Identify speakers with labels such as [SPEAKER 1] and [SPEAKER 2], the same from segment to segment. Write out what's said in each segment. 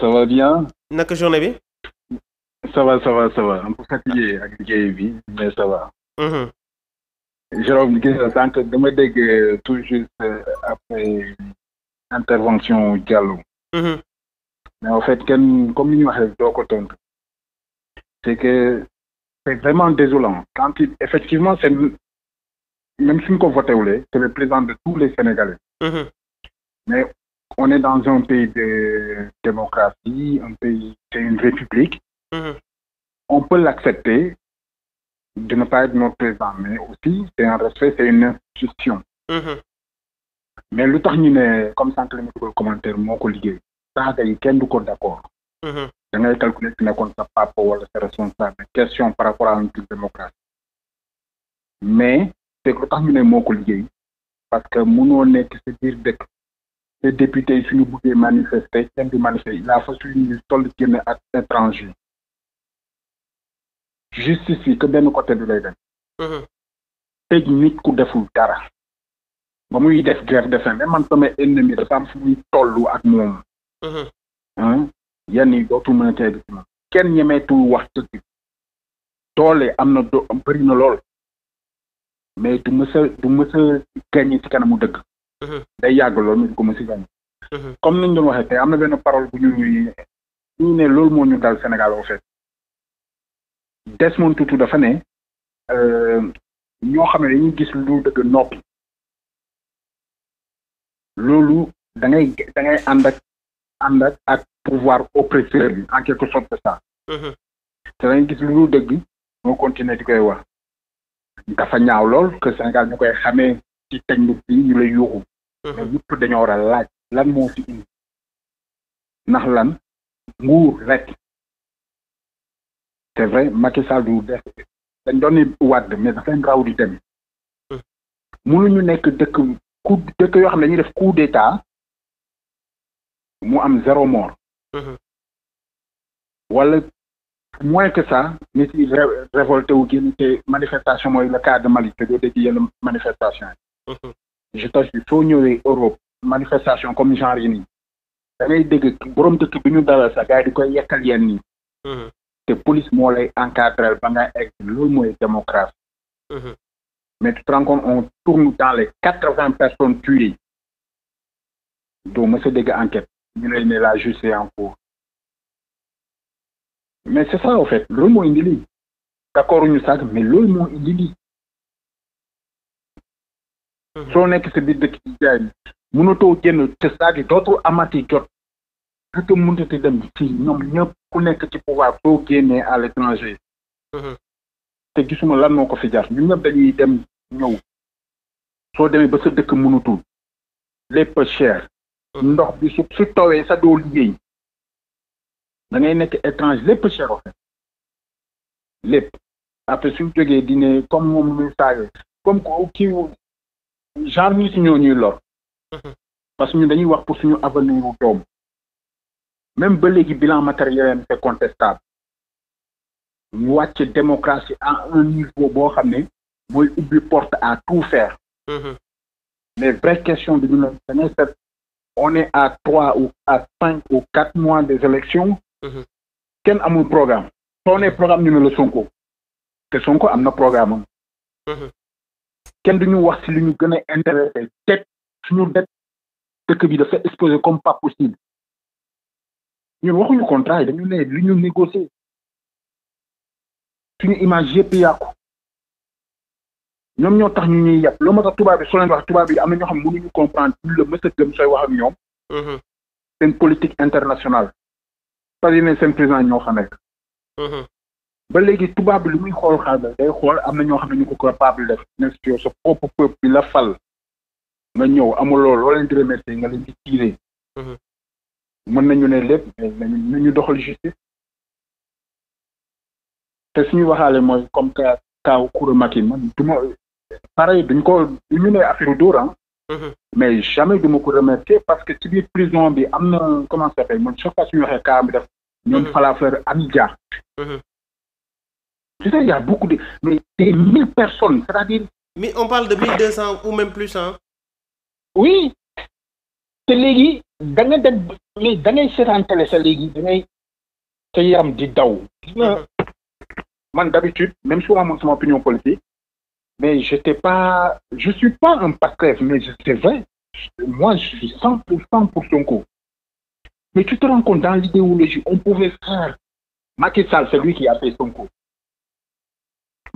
[SPEAKER 1] ça va bien. naka journée bi. ça va ça va ça va un peu fatigué ak liggéey bi mais ça va. Jérôme gis nga sànq dama dégg tout juste euh, après intervention Diallo. Mm-hmm. mais en fait kenn comme ni ñu waxee doo ko tontu. c'est que c'est vraiment désolant quand il effectivement c'est même suñ ko voté wulee c'est le président de tous les Sénégalais. Mm-hmm. mais on est dans un pays de démocratie, un pays, c'est une république. Mmh. On peut l'accepter de notre président, mais aussi, c'est un respect, c'est une institution. Mm-hmm. mais lu tax ñu ne comme sànq la ñu dugal commentaire moo ko liggéey saaga yi kenn du ko d' accord. Mm-hmm. da ngay calculer fi nekkoon sa papa wala sa responsable question par rapport à une démocratie mais lu tax ñu ne moo ko liggéey parce que mënoo nekk sa biir dëkk. te député yi suñu buggee manifester kenn du manifester il a fa suñu toll génn ak étranger justice bi que benn côté bi lay dem mhm. tëj nit ku deful dara ba muy def grève de faim même man sama ennemi dafa am fu muy toll ak moom mhm. yenn yi dootul mën a teel ci moom kenn ñemeetul wax dëgg doole am na do bëri na lool mais du mës a du mës a gagné kanamu dëgg day yàgg loolu nit ko mu si gàñ comme ñu doon waxee tey am na benn parole bu ñu ñuy ñu ne loolu moo ñu dal Sénégal au fait Desmond Tutu dafa ne euh, ñoo xam ne dañuy gis lu dëgg noppi loolu da ngay da ngay ak ànd ak bi en quelque sorte gis lu dëgg moo continuer di koy wax dafa ñaaw lool que Sénégal ñu koy xamee ci technique bi ñu lay yuuxu mhm. mais yëpp dañoo war a laaj lan moo fi indi ndax lan nguur rek c'est vrai Macky Sall du def dañ doon ne wàdd mais dafa leen raw di dem mhm. mënuñu nekk dëkk coup dëkk yoo xam ne dañuy def coup d'état mu am zéro mort mhm. wala moins que ça nit yi révolté wu génn te manifestation mooy le cas de Mali te doo dégg yenn manifestation yi je t'assure soo ñëwee Europe manifestation comme genre yi nii da ngay dégg borom dëkk bi ñu dalal sax gars di koy yekkal yenn nii mhm. te police moo lay encadrer ba nga egg loolu mooy démocratie mhm. mais tu te rends compte on tourne dans les quatre vingt personnes tuées doo mës a dégg ñu lay ne la justice en cours mais c'est ça au fait loolu moo indi lii d'accord mais loolu moo indi Mhm. soo nekk sa di dëkk ci jaay mënatoo génn te c'est-à-dire dootul amati jot ak mënatati dem ci ñoom ñëpp ku nekk ci pouvoir soo génnee à l'étranger mhm. te gisuma lan moo ko fi jar ñun ñëpp dañuy dem ñëw soo demee ba sa dëkk mënatul lépp cher mhm. ndox bi su su tawee sa doo liggéey dangay nekk étranger lépp cher en fait lépp après su jógee dine comme moom lu saayoo comme ko kii genre nit ñoo ñuy lor mhm. parce que ñu dañuy wax pour suñu avenir wu doom ba léegi bilan matériel c'est contestable ñu wàcce démocratie à un niveau boo xam ne mooy bi porte à tout faire mhm. les vraies questions de ñun dañuy set on est à trois ou à cinq ou quatre mois des élections mhm. kenn amul programme soo nee programme ñu ne la Sonko te Sonko am na programme kenn duñu wax si lu ñu gën a intéressé te suñu det dëkk bi dafa exposé comme pas possible ñun waxuñu contrat yi dañu ne li ñu négocié suñu image yëpp yàqu ñoom ñoo tax ñu ñuy yàpp loo ma tax tubaab bi wax tubaab bi am na ñoo xam ne mënuñu ñu la mës a gëm sooy wax ak ñoom mm-hmm. seen politique internationale parce que seen président ñoo fa nekk mm-hmm. ba léegi tubaab li muy xool xaaral day xool am na ñoo xam ne ñu ko capable def ne yow sa propre peuple bi la fal nga ñëw amuloo lool leen di remercier nga leen di tiiree. Mhm. mën nañu ne lépp mais ñu doxal justice. te suñu waxaale mooy comme que kaaw Coura Macky man du ma pareil duñ ko duñu ne affaire dóor ah. Mhm. mais jamais du ma ko remercier parce que ci biir prison bi am na comment ça s'appelle man chaque fois suñu waxee
[SPEAKER 2] kaa bi def. ñoom mhm. falafel Amidia. Tu sais, il y a beaucoup de. Mais des 1000 personnes, c'est-à-dire. on parle de 1200 ou même plus, hein? Oui. te léegi da nga dem mais da ngay seetaan télé sa léegi
[SPEAKER 1] da ngay sa daw. Mm-hmm. man d'habitude même souvent man sama opinion politique mais j'étais pas je suis pas un Pastef mais c'est vrai moi je suis cent pour cent pour Sonko mais tu te compte dans l'idéologie on pouvait faire Macky Sall c'est lui qui a fait Sonko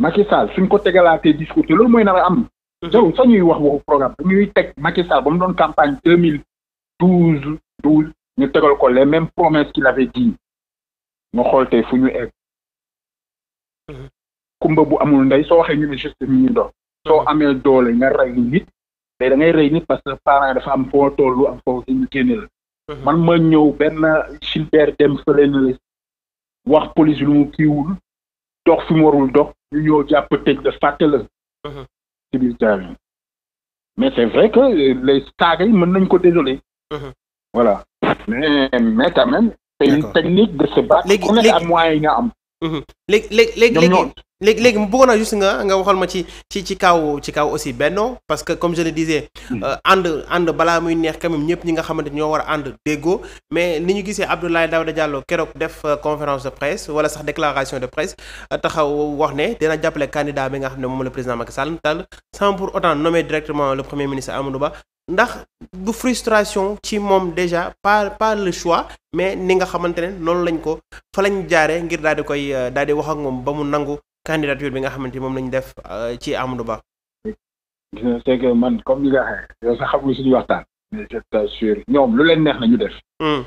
[SPEAKER 1] Macky Sall suñ ko tegalaatee discours te loolu mooy nar a am. Mhm. jarul sax ñuy wax waxu programme dañuy teg Macky Sall ba mu doon campagne deux mille douze douze ñu tegal ko les mêmes promesses qu'il avait dit nga xool tey fu ñu egg. Mhm. kumba bu amul ndey soo waxee ñu ne juste mi ñu doon. soo mhm. amee doole nga rey nit. mais da ngay rey nit parce que parents dafa am foo tollu am foo ñu génne la. man ma ñëw benn Gilbert dem fële na la wax police lu mu kiiwul dox fi mu warul dox ñu ñëw jàpp tëj la fàtte la mhm. ci biir terrain mais c'est vrai que les saaga yi mën nañ ko désolé mhm. voilà mais mais quand même c'est
[SPEAKER 2] une technique de se battre ku nekk ak moyens yi nga am mhm. léegi léegi léegi léegi léegi mu bëggoon a nga nga waxal ma ci ci ci kaw ci kaw aussi benno parce que comme je le disais. Hmm. Euh, ànd ànd balaa muy neex quand même ñëpp ñi nga xamante ñoo war a ànd déggoo mais ni ñu gisee Abdoulaye Daouda jàlloo keroog def euh, conférence de presse wala sax déclaration de presse euh, taxaw wax ne dina jàppale candidat bi nga xam ne moom la président Macky Sall tàll sans pour autant nommer directement le premier ministre Amadou Ba ndax du frustration ci moom déjà par par le choix mais ni nga xamante ne noonu lañ ko fa lañ jaaree ngir daal di koy daal di wax ak moom ba mu nangu. candidature bi nga xamante moom lañ def euh, ci Amadou Ba. gis nga c'est man comme li nga waxee suñu waxtaan. mais je ñoom lu leen neex na ñu def. Hmm.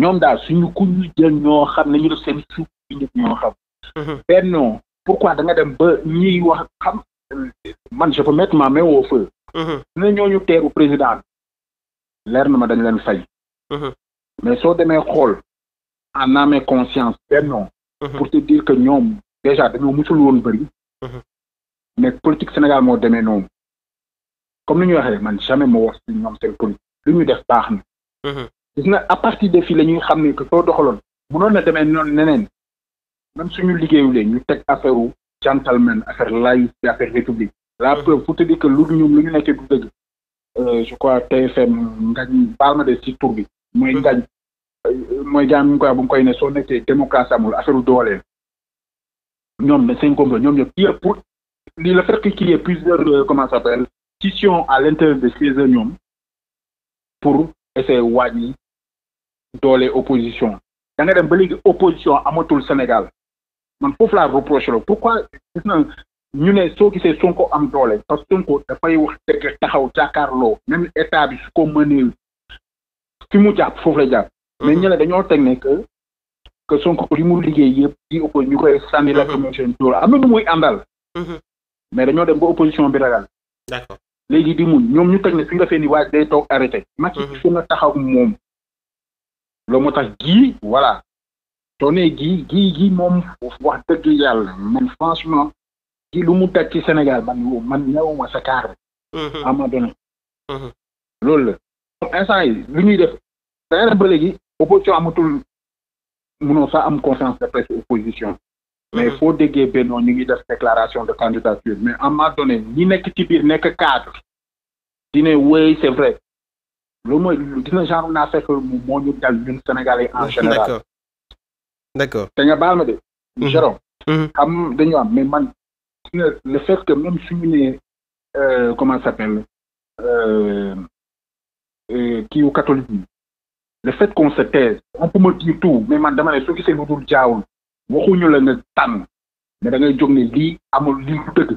[SPEAKER 2] ñoom daal suñu ku
[SPEAKER 1] ñu jël ñoo xam ne ñu def seen suuf ñoo xam. Hmm. benn pourquoi da nga dem ba ñiy wax xam man je peux mettre ma main au feu. dina hmm. ñooñu teeru président leer na ma dañ leen fay. mais soo demee xool en âme et conscience benn. pour te dire que ñoom. dèjà dañoo musul woon bëri. nekk mhm. politique Sénégal moo demee noonu. comme ni ñu waxee man jamais moo wax si ñoom seen lu ñuy def baax na. Mhm. gis nga à partir de fii la ñuy xam ne que soo doxaloon. mënoon na demee noonu neneen même suñu liggéeyulee ñu teg affaire u gentleman affaire laïcité affaire république. la mhm. preuve pour te dire que lu ñoom lu ñu nekkee du dëgg. Euh, je crois TFM ngañ baal ma de si tur bi. mooy ngañ euh, mooy jàmm ñu koy bu mu koy ne soo nekkee démocratie amul affaire dooleel. ñoom seen complot ñoom ñëpp yëpp pour le fait qu'il y ait plusieurs euh, comment ça s'appelle scissions à l'intérieur de chez eux ñoom pour essayer wàññi doole opposition da nga dem ba léegi opposition amatul Sénégal man foofu laa reproché la pourquoi gis ñu ne soo gisee Sonko am doole parce que Sonko dafay wax dëgg taxaw jàkkaarloo même état bi su ko mënee fi mu jàpp foofu lay jàpp mais mm-hmm. ñu dañoo teg ne que Sonko li mu liggéey yëpp di oppo ñu koy sànni la mhm. commission loolu am na muy àndal mhm. mais dañoo dem ba opposition bi ragal léegi di mun ñoom ñu teg ne fi nga fee ni waaj day toog arrêté Macky mhm. fi nga taxaw moom loolu moo tax gii voilà soo nee gii gii gii moom wax dëgg yàlla man lu mu teg ci Sénégal man man ñëwuma sa kaar à un moment donné la instant yi lu ñuy def dara ba léegi opposition amatul mënoo sax am conférence de presse opposition mais mhm. foo déggee bennoo ñu ngi def déclaration de candidature mais à un moment nekk ci nekk cadre dine wéy c'est vrai loolu mooy dina na genre naa fekk mu moo ñu dal ñun sénégalais en général d'accord te nga baal ma de mhm. Jérôme xam mhm. dañu am mais man le fait que même suñu ne euh, comment ça s'appelle euh, euh, kiiwu catholique le fait qu'on se taise on peut me dire tout mais man dama ne soo gisee lu dul jaawul waxuñu la nga tànn da ngay jog ne lii amul lii lu dëgg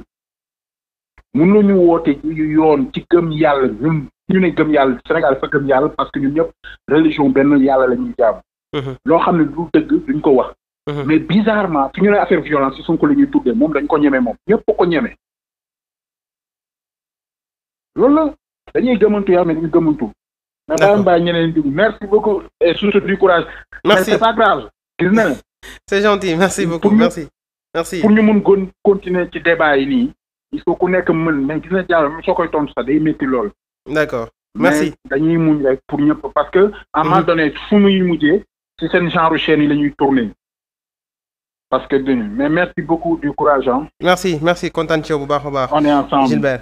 [SPEAKER 1] mën nañu woote yu yoon ci gëm yàlla ñun ñu ne gëm yàlla Sénégal dafa gëm yàlla parce que ñun ñëpp religion benn yàlla la ñuy jaam mhm. loo xam ne lu dëgg duñ ko wax mhm. mais bizarrement su ñu ne affaire violence ci Sonko la ñuy tuddee moom dañ ko ñeme moom ñëpp ko ñeme loolu la dañuy gëmantu
[SPEAKER 2] yàlla mais dañu gëmantu na bàyyi mbaa ñeneen diw merci beaucoup et surtout du courage. merci mais gis na la. c'est gentil merci beaucoup merci. pour ñu mun kon continuer ci débat yi nii. il faut ku nekk mën mais gis na jàll même soo koy tontu sax day métti lool. d'accord
[SPEAKER 1] merci dañuy muñ rek pour ñëpp parce que. en un moment mhm. donné fu muy mujjee. ci seen genre
[SPEAKER 2] chaîne yi la ñuy tourner. parce que duñu merci beaucoup du courage ah. merci merci kontaan ci yow bu baax a baax. on est ensemble Gilbert.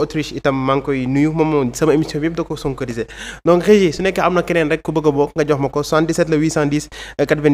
[SPEAKER 2] Autriche itam maa ngi koy nuyu moom sama émission bi yëpp da ko sonkorisé donc Régis su nekkee am na keneen rek ku bëgg a nga jox ma ko 77 la 810 90.